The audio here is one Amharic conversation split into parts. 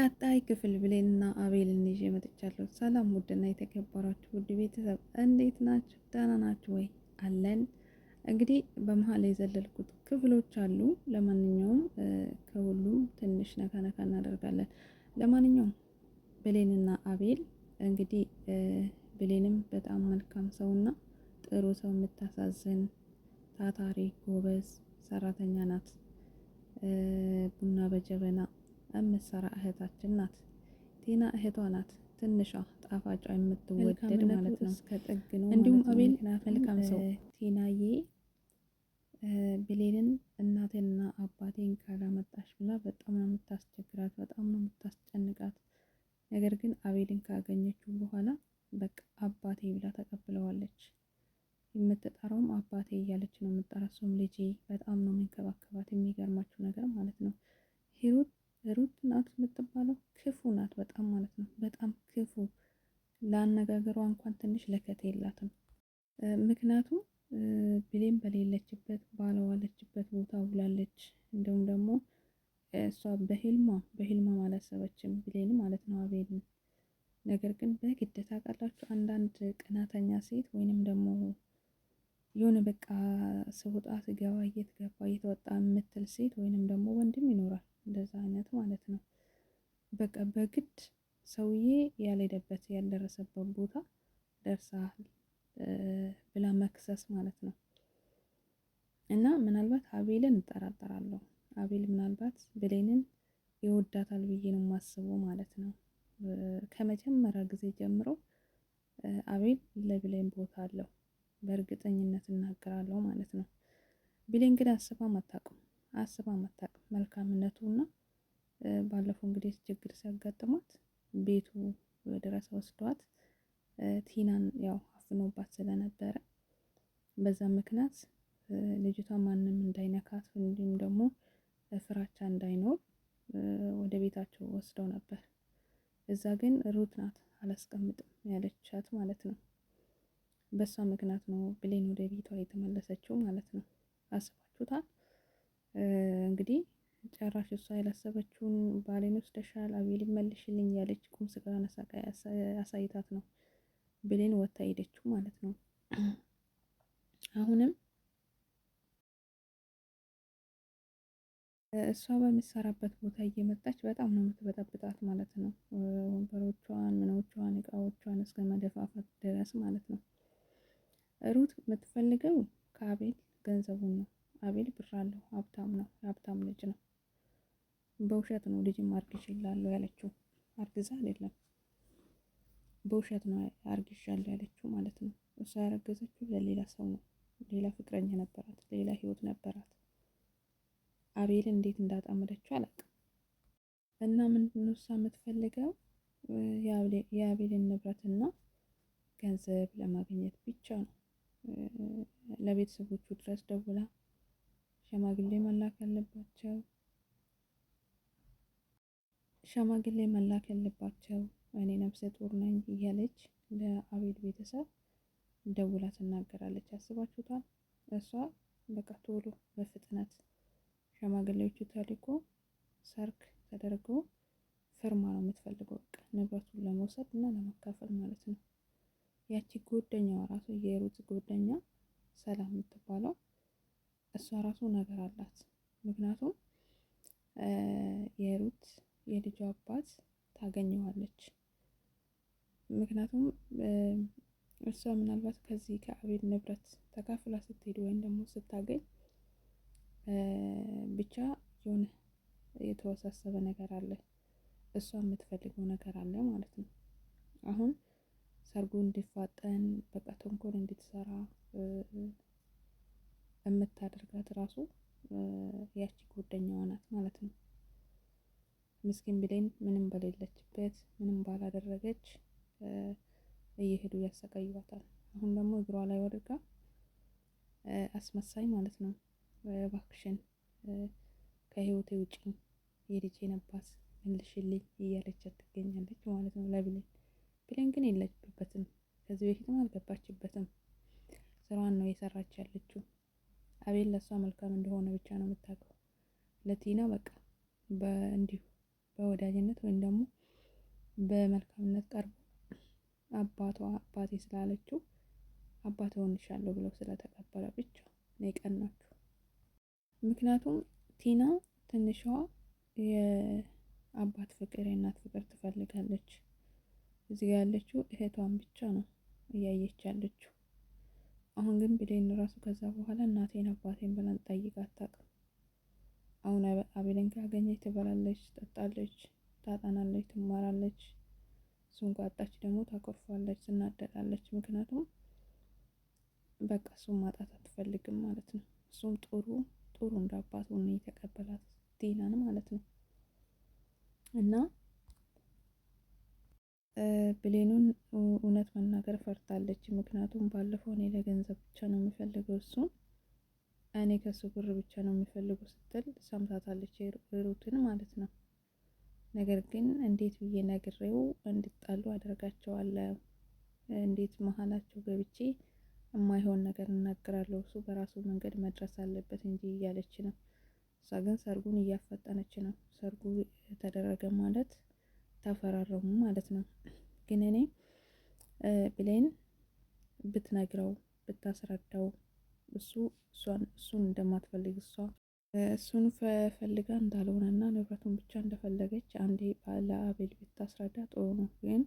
ቀጣይ ክፍል ብሌንና አቤልን ይዤ መጥቻለሁ። ሰላም ውድና የተከበራችሁ ውድ ቤተሰብ እንዴት ናችሁ? ደህና ናችሁ ወይ? አለን እንግዲህ በመሀል የዘለልኩት ክፍሎች አሉ። ለማንኛውም ከሁሉም ትንሽ ነካ ነካ እናደርጋለን። ለማንኛውም ብሌንና አቤል እንግዲህ ብሌንም በጣም መልካም ሰውና ጥሩ ሰው የምታሳዝን ታታሪ ጎበዝ ሰራተኛ ናት። ቡና በጀበና የምትሰራ እህታችን ናት። ቲና እህቷ ናት። ትንሿ ጣፋጯ የምትወደድ ማለት ነው። እስከ ጥግ ነው። እንዲሁም አቤል መልካም ሰው ቲናዬ ብሌንን እናቴንና አባቴን ካላመጣሽ ብላ በጣም ነው የምታስቸግራት፣ በጣም ነው የምታስጨንቃት። ነገር ግን አቤልን ካገኘችው በኋላ በቃ አባቴ ብላ ተቀብለዋለች። የምትጠራውም አባቴ እያለች ነው የምጠራ። እሱም ልጄ በጣም ነው የሚንከባከባት። የሚገርማችሁ ነገር ማለት ነው ሂሩት ሩት ናት የምትባለው ክፉ ናት በጣም ማለት ነው። በጣም ክፉ ለአነጋገሯ እንኳን ትንሽ ለከት የላትም። ምክንያቱም ብሌን በሌለችበት ባለዋለችበት ቦታ ውላለች። እንደውም ደግሞ እሷ በህልሟ በህልሟ አላሰበችም ብሌን ማለት ነው አቤልን። ነገር ግን በግድ ታውቃላችሁ፣ አንዳንድ ቅናተኛ ሴት ወይንም ደግሞ የሆነ በቃ ስውጣ ስገባ እየተገባ እየተወጣ የምትል ሴት ወይንም ደግሞ ወንድም ይኖራል እንደዛ አይነት ማለት ነው። በቃ በግድ ሰውዬ ያልሄደበት ያልደረሰበት ቦታ ደርሰሃል ብላ መክሰስ ማለት ነው። እና ምናልባት አቤልን እጠራጠራለሁ። አቤል ምናልባት ብሌንን ይወዳታል ብዬ ነው የማስበው ማለት ነው። ከመጀመሪያ ጊዜ ጀምሮ አቤል ለብሌን ቦታ አለው በእርግጠኝነት እናገራለሁ ማለት ነው። ብሌን ግን አስባ አታውቅም፣ አስባ አታውቅም። መልካምነቱ እና ባለፈው እንግዲህ ችግር ሲያጋጥማት ቤቱ ድረስ ወስዷት ቲናን ያው አፍኖባት ስለነበረ በዛ ምክንያት ልጅቷ ማንም እንዳይነካት እንዲሁም ደግሞ ፍራቻ እንዳይኖር ወደ ቤታቸው ወስደው ነበር። እዛ ግን ሩት ናት አላስቀምጥም ያለቻት ማለት ነው። በእሷ ምክንያት ነው ብሌን ወደ ቤቷ የተመለሰችው ማለት ነው። አስባችሁታል እንግዲህ ጨራሽ እሷ ያላሰበችውን ባሌን ወስደሻል፣ አቤል መልሽልኝ ያለች ቁም ስቅሏን አሳይታት ነው ብሌን ወታ ሄደችው ማለት ነው። አሁንም እሷ በምትሰራበት ቦታ እየመጣች በጣም ነው የምትበጠብጣት ማለት ነው። ወንበሮቿን፣ ምኖቿን፣ እቃዎቿን እስከ መደፋፋት ድረስ ማለት ነው። ሩት የምትፈልገው ከአቤል ገንዘቡን ነው። አቤል ብር አለው፣ ሀብታም ነው፣ የሀብታም ልጅ ነው። በውሸት ነው ልጅም አርግዣለሁ ያለችው አርግዛ አይደለም በውሸት ነው አርግዣለሁ ያለችው ማለት ነው። እሷ ያረገዘችው ለሌላ ሰው ነው። ሌላ ፍቅረኛ ነበራት፣ ሌላ ህይወት ነበራት። አቤል እንዴት እንዳጣመደችው አላውቅም። እና ምንድን እሷ የምትፈልገው የአቤልን ንብረትና ገንዘብ ለማግኘት ብቻ ነው። ለቤተሰቦቹ ድረስ ደውላ ሸማግሌ መላክ አለባቸው ሸማግሌ መላክ ያለባቸው እኔ ነፍሰ ጡር ነኝ እያለች ለአቤል ቤተሰብ ደውላ ትናገራለች። አስባችሁታል? እሷ በቃ ቶሎ በፍጥነት ሸማግሌዎቹ ተልኮ ሰርክ ተደርጎ ፍርማ ነው የምትፈልገው፣ በቃ ንብረቱን ለመውሰድ እና ለመካፈል ማለት ነው። ያቺ ጎደኛዋ ራሱ የሩት ጎደኛ ሰላም የምትባለው እሷ ራሱ ነገር አላት። ምክንያቱም የሩት የልጁ አባት ታገኘዋለች። ምክንያቱም እሷ ምናልባት ከዚህ ከአቤል ንብረት ተካፍላ ስትሄድ ወይም ደግሞ ስታገኝ ብቻ የሆነ የተወሳሰበ ነገር አለ። እሷ የምትፈልገው ነገር አለ ማለት ነው። አሁን ሰርጉ እንዲፋጠን በቃ ተንኮል እንድትሰራ የምታደርጋት ራሱ ያቺ ጓደኛዋ ናት ማለት ነው። ምስኪን ብሌን ምንም በሌለችበት ምንም ባላደረገች እየሄዱ ያሰቃዩዋታል። አሁን ደግሞ እግሯ ላይ ወድቃ አስመሳይ ማለት ነው እባክሽን ከህይወቴ ውጪ የልጄ ነባት መልሽልኝ እያለቻት ትገኛለች ማለት ነው ለብሌን። ብሌን ግን የለችበትም፣ ከዚህ በፊትም አልገባችበትም። ስራዋን ነው የሰራች ያለችው። አቤል ለእሷ መልካም እንደሆነ ብቻ ነው የምታውቀው። ለቲና በቃ በእንዲሁ በወዳጅነት ወይም ደግሞ በመልካምነት ቀርቦ አባቷ አባቴ ስላለችው አባት ሆንሻለሁ ብለው ስለተቀበለ ብቻ ነው የቀናችሁ። ምክንያቱም ቲና ትንሿ የአባት ፍቅር የእናት ፍቅር ትፈልጋለች። እዚህ ጋ ያለችው እህቷን ብቻ ነው እያየች ያለችው። አሁን ግን ብሌን ራሱ ከዛ በኋላ እናቴን አባቴን ብለን ጠይቃ አታውቅም። አሁን አቤልን ካገኘች ትበላለች፣ ትጠጣለች፣ ታጠናለች፣ ትማራለች። እሱን ካጣች ደግሞ ታኮርፋለች፣ ትናደዳለች። ምክንያቱም በቃ እሱን ማጣት አትፈልግም ማለት ነው። እሱም ጥሩ ጥሩ እንዳባት ሆኖ የተቀበላት ዲናን ማለት ነው እና ብሌኑን እውነት መናገር ፈርታለች። ምክንያቱም ባለፈው እኔ ለገንዘብ ብቻ ነው የምፈልገው እሱን እኔ ከሱ ብር ብቻ ነው የሚፈልጉ ስትል ሰምታታለች ሩትን ማለት ነው። ነገር ግን እንዴት ብዬ ነግሬው እንዲጣሉ አደርጋቸዋለሁ? እንዴት መሀላቸው ገብቼ የማይሆን ነገር እናገራለሁ? እሱ በራሱ መንገድ መድረስ አለበት እንጂ እያለች ነው። እሷ ግን ሰርጉን እያፋጠነች ነው። ሰርጉ ተደረገ ማለት ተፈራረሙ ማለት ነው። ግን እኔ ብሌን ብትነግረው ብታስረዳው እሱ እሱን እንደማትፈልግ እሷ እሱን ፈልጋ እንዳልሆነ እና ንብረቱን ብቻ እንደፈለገች አንዴ ለአቤል ብታስረዳ ጥሩ ነው፣ ግን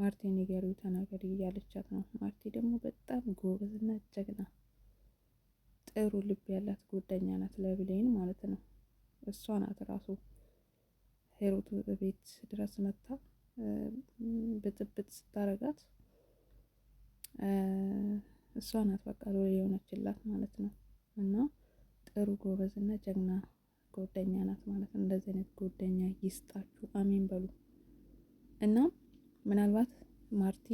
ማርቲ ንገሪው ተናገሪ እያለቻት ነው። ማርቲ ደግሞ በጣም ጎበዝና ጀግና ጥሩ ልብ ያላት ጎደኛ ናት፣ ለብሌን ማለት ነው። እሷ ናት ራሱ ሄሮት ቤት ድረስ መታ ብጥብጥ ስታረጋት እሷ ናት በቃ ሎሌ የሆነችላት ማለት ነው። እና ጥሩ ጎበዝ እና ጀግና ጎደኛ ናት ማለት ነው። እንደዚህ አይነት ጎደኛ ይስጣችሁ፣ አሜን በሉ እና ምናልባት ማርቲ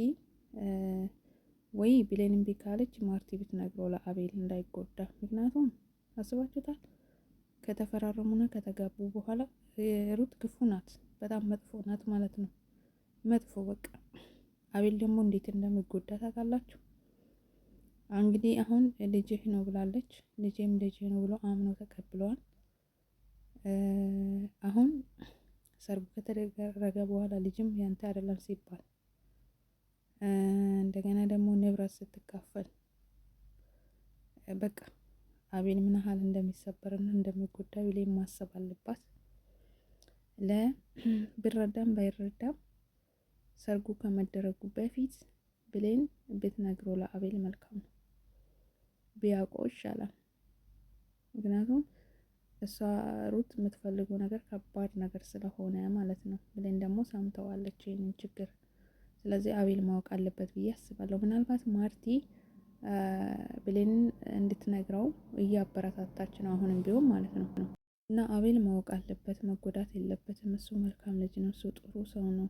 ወይ ብሌን እምቢ ካለች ማርቲ ብትነግረው ለአቤል እንዳይጎዳ። ምክንያቱም አስባችሁታል ከተፈራረሙና ከተጋቡ በኋላ ሩት ክፉ ናት፣ በጣም መጥፎ ናት ማለት ነው። መጥፎ በቃ አቤል ደግሞ እንዴት እንደሚጎዳ ታውቃላችሁ? እንግዲህ አሁን ልጅህ ነው ብላለች። ልጄም ልጅህ ነው ብሎ አምኖ ተቀብሏል። አሁን ሰርጉ ከተደረገ በኋላ ልጅም ያንተ አይደለም ሲባል እንደገና ደግሞ ንብረት ስትካፈል በቃ አቤል ምን ያህል እንደሚሰበርና እንደሚጎዳ ላይ ማሰብ አለባት። ለብረዳም ባይረዳም ሰርጉ ከመደረጉ በፊት ብሌን ብትነግሮ ለአቤል መልካም ነው። ቢያውቁ ይሻላል። ምክንያቱም እሷ ሩት የምትፈልገው ነገር ከባድ ነገር ስለሆነ ማለት ነው። ብሌን ደግሞ ሰምተዋለች ይህንን ችግር። ስለዚህ አቤል ማወቅ አለበት ብዬ አስባለሁ። ምናልባት ማርቲ ብሌን እንድትነግረው እያበረታታች ነው፣ አሁንም ቢሆን ማለት ነው። እና አቤል ማወቅ አለበት፣ መጎዳት የለበትም። እሱ መልካም ልጅ ነው፣ እሱ ጥሩ ሰው ነው።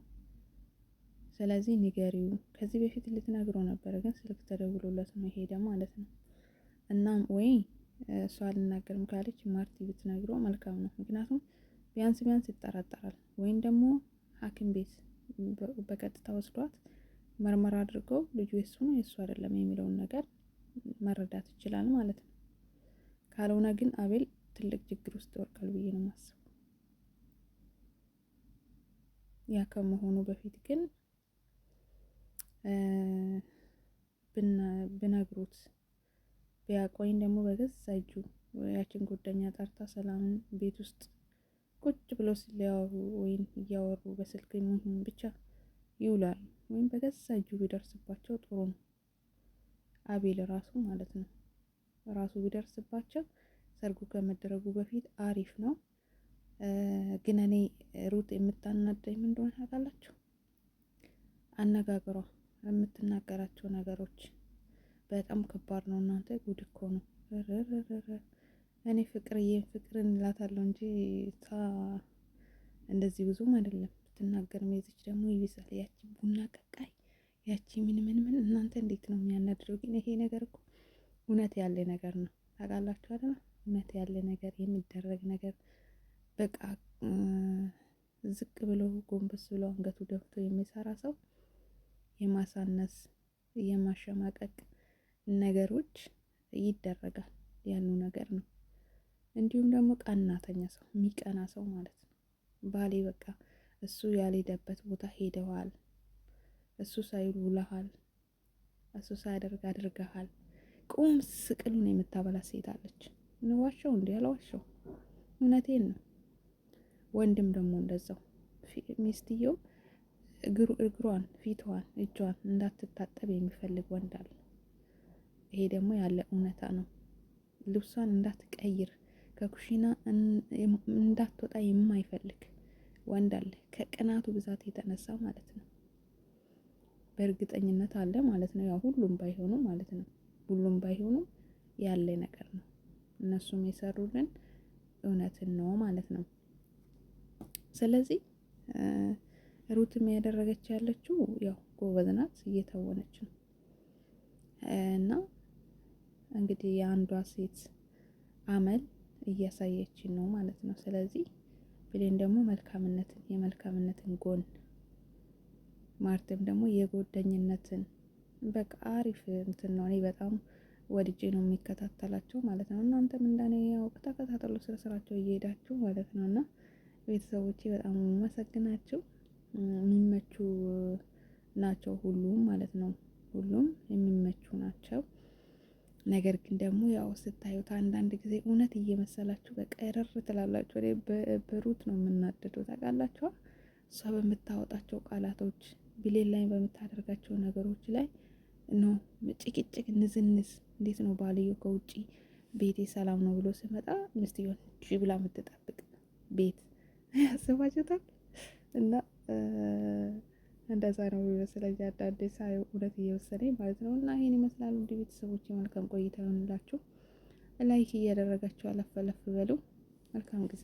ስለዚህ ንገሪው። ከዚህ በፊት ልትነግረው ነበር፣ ግን ስልክ ተደውሎለት ነው ማለት ነው። እናም ወይ እሷ አልናገርም ካለች ማርቲ ብትነግሮ መልካም ነው። ምክንያቱም ቢያንስ ቢያንስ ይጠራጠራል። ወይም ደግሞ ሐኪም ቤት በቀጥታ ወስዷት መርመራ አድርገው ልጁ የሱ ነው የሱ አይደለም የሚለውን ነገር መረዳት ይችላል ማለት ነው። ካልሆነ ግን አቤል ትልቅ ችግር ውስጥ ይወርቃል ብዬ ነው የማስበው። ያ ከመሆኑ በፊት ግን ብነግሩት ቢያውቅ ደግሞ በገዛ እጁ ያችን ጓደኛ ጠርታ ሰላምን ቤት ውስጥ ቁጭ ብሎ ሲለያወሩ ወይም እያወሩ በስልክ የሚሆን ብቻ ይውላል ወይም በገዛ እጁ ቢደርስባቸው ጥሩ ነው። አቤል ራሱ ማለት ነው ራሱ ቢደርስባቸው ሰርጉ ከመደረጉ በፊት አሪፍ ነው። ግን እኔ ሩት የምታናደኝ እንደሆነ ታውቃላችሁ? አነጋገሯ የምትናገራቸው ነገሮች በጣም ከባድ ነው እናንተ ጉድ እኮ ነው። እኔ ፍቅርዬን ፍቅር እንላታለሁ እንጂ እንደዚህ ብዙም አይደለም ስትናገር። የዚች ደግሞ ይብሳል። ያቺ ቡና ቀቃይ፣ ያቺ ምን ምን ምን እናንተ እንዴት ነው የሚያናድደው? ግን ይሄ ነገር እኮ እውነት ያለ ነገር ነው ታውቃላችሁ አይደል? እውነት ያለ ነገር የሚደረግ ነገር በቃ ዝቅ ብሎ ጎንበስ ብሎ አንገቱ ደፍቶ የሚሰራ ሰው የማሳነስ የማሸማቀቅ ነገሮች ይደረጋል ያሉ ነገር ነው። እንዲሁም ደግሞ ቀናተኛ ሰው የሚቀና ሰው ማለት ነው። ባሌ በቃ እሱ ያልሄደበት ቦታ ሄደዋል፣ እሱ ሳይል ውለሃል፣ እሱ ሳያደርግ አድርገሃል። ቁም ስቅሉን የምታበላ ሴት አለች። ንዋሸው እንዲ ያለዋሸው እውነቴን ነው። ወንድም ደግሞ እንደዛው ሚስትየው እግሯን፣ ፊትዋን እጇን እንዳትታጠብ የሚፈልግ ወንድ አለ። ይሄ ደግሞ ያለ እውነታ ነው። ልብሷን እንዳትቀይር ከኩሽና እንዳትወጣ የማይፈልግ ወንድ አለ። ከቅናቱ ብዛት የተነሳ ማለት ነው። በእርግጠኝነት አለ ማለት ነው። ያው ሁሉም ባይሆኑ ማለት ነው። ሁሉም ባይሆኑ ያለ ነገር ነው። እነሱም የሰሩልን እውነትን ነው ማለት ነው። ስለዚህ ሩትም ያደረገች ያለችው ያው ጎበዝ ናት፣ እየተወነች ነው እና እንግዲህ የአንዷ ሴት አመል እያሳየችን ነው ማለት ነው። ስለዚህ ብሌን ደግሞ መልካምነትን የመልካምነትን ጎን ማርትም ደግሞ የጎደኝነትን በቃ አሪፍ እንትን ነው። እኔ በጣም ወድጄ ነው የሚከታተላቸው ማለት ነው። እናንተም እንደኔ ያው ተከታተሉ ስለ ስራቸው እየሄዳችሁ ማለት ነው። እና ቤተሰቦቼ በጣም መሰግናቸው የሚመቹ ናቸው ሁሉም ማለት ነው። ሁሉም የሚመቹ ናቸው። ነገር ግን ደግሞ ያው ስታዩት አንዳንድ ጊዜ እውነት እየመሰላችሁ በቀረር ትላላችሁ። እኔ በሩት ነው የምናደደው ታውቃላችኋ። እሷ በምታወጣቸው ቃላቶች፣ ብሌን ላይ በምታደርጋቸው ነገሮች ላይ ነው ጭቅጭቅ፣ ንዝንዝ። እንዴት ነው ባልዮ ከውጭ ቤቴ ሰላም ነው ብሎ ስመጣ ሚስትየው ብላ የምትጠብቅ ቤት ያስባችሁታል እና እንደዛ ነው የሚመስለኝ አንዳንዴ ሳየው እውነት እየመሰለኝ ማለት ነው። እና ይህን ይመስላል እንዲህ ቤተሰቦች፣ መልካም ቆይታ ይሆንላችሁ። ላይክ እያደረጋችሁ አለፈለፍ አለፍ በሉ። መልካም ጊዜ